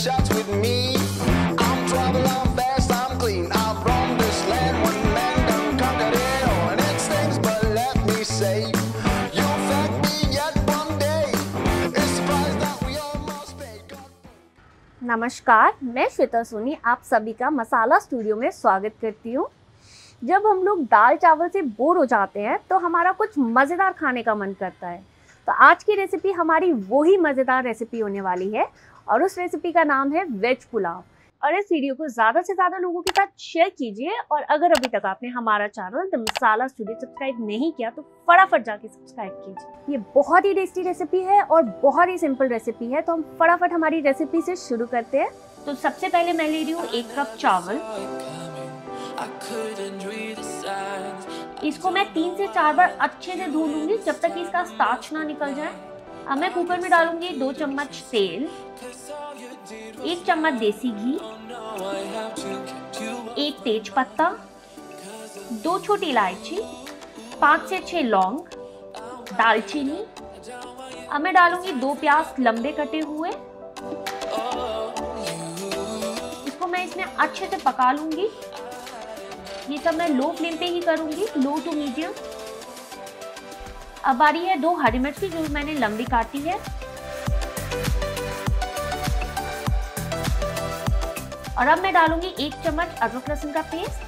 shots with me. I'm trouble, I'm fast, I'm clean. I've roamed this land when man done conquered it all. And it stings, but let me say, you'll thank me yet one day. It's price that we all must pay. नमस्कार मैं श्वेता सोनी आप सभी का मसाला studio में स्वागत करती हूँ जब हम लोग दाल चावल से बोर हो जाते हैं तो हमारा कुछ मज़ेदार खाने का मन करता है तो आज की रेसिपी हमारी वही मज़ेदार रेसिपी होने वाली है और उस रेसिपी का नाम है वेज पुलाव और इस वीडियो को ज़्यादा से ज़्यादा लोगों के साथ शेयर कीजिए और अगर अभी तक आपने हमारा channel the Masala studio subscribe नहीं किया तो फटाफट जाके सब्सक्राइब कीजिए ये बहुत ही टेस्टी रेसिपी है और बहुत ही सिंपल रेसिपी है तो हम फटाफट हमारी रेसिपी से शुरू करते हैं तो सबसे पहले मैं ले रही हूँ एक कप चावल इसको मैं तीन से चार बार अच्छे से धो लूंगी जब तक इसका स्टार्च ना निकल जाए अब मैं कुकर में डालूंगी दो चम्मच तेल एक चम्मच देसी घी एक तेज पत्ता दो छोटी इलायची पाँच से छह लौंग दालचीनी अब मैं डालूंगी दो प्याज लंबे कटे हुए इसको मैं इसमें अच्छे से पका लूंगी ये सब मैं लो फ्लेम पे ही करूंगी लो टू मीडियम अब आ रही है दो हरी मिर्ची जो मैंने लंबी काटी है और अब मैं डालूंगी एक चम्मच अदरक लहसुन का पेस्ट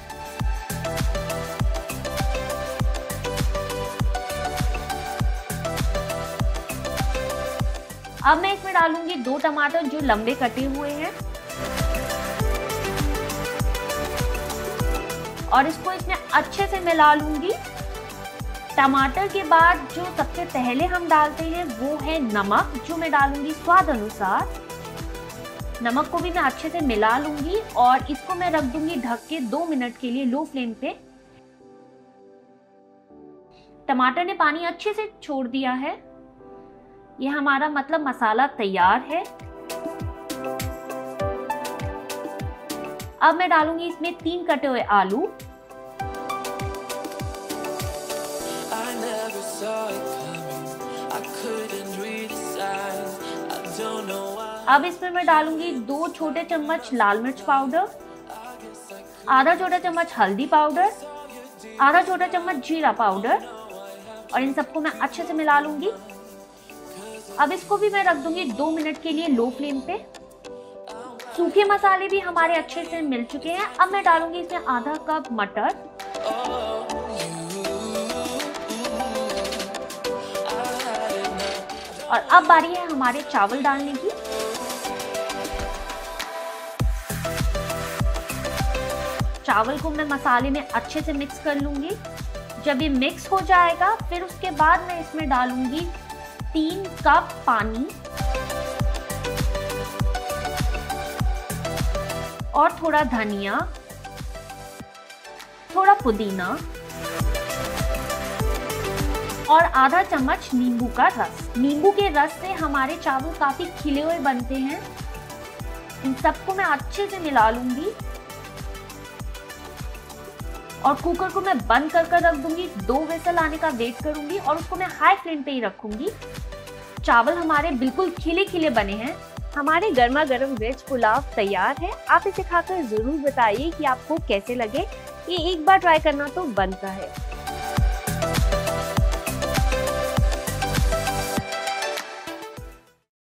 अब मैं इसमें डालूंगी दो टमाटर जो लंबे कटे हुए हैं और इसको इसमें अच्छे से मिला लूंगी टमाटर के बाद जो सबसे पहले हम डालते हैं वो है नमक जो मैं डालूंगी स्वाद अनुसार नमक को भी मैं अच्छे से मिला लूंगी और इसको मैं रख दूंगी ढक के दो मिनट के लिए लो फ्लेम पे टमाटर ने पानी अच्छे से छोड़ दिया है यह हमारा मतलब मसाला तैयार है अब मैं डालूंगी इसमें तीन कटे हुए आलू I don't know अब इसमें मैं डालूंगी दो छोटे चम्मच लाल मिर्च पाउडर आधा छोटा चम्मच हल्दी पाउडर आधा छोटा चम्मच जीरा पाउडर और इन सबको मैं अच्छे से मिला लूंगी अब इसको भी मैं रख दूंगी दो मिनट के लिए लो फ्लेम पे सूखे मसाले भी हमारे अच्छे से मिल चुके हैं अब मैं डालूंगी इसमें आधा कप मटर और अब बारी है हमारे चावल डालने की चावल को मैं मसाले में अच्छे से मिक्स कर लूँगी जब ये मिक्स हो जाएगा फिर उसके बाद मैं इसमें डालूँगी तीन कप पानी और थोड़ा धनिया थोड़ा पुदीना और आधा चम्मच नींबू का रस नींबू के रस से हमारे चावल काफ़ी खिले हुए बनते हैं इन सबको मैं अच्छे से मिला लूंगी और कुकर को मैं बंद कर कर रख दूंगी दो वेसल आने का वेट करूंगी और उसको मैं हाई फ्लेम पे ही रखूंगी चावल हमारे बिल्कुल खिले खिले बने हैं हमारे गर्मा गर्म वेज पुलाव तैयार है आप इसे खाकर ज़रूर बताइए कि आपको कैसे लगे ये एक बार ट्राई करना तो बनता है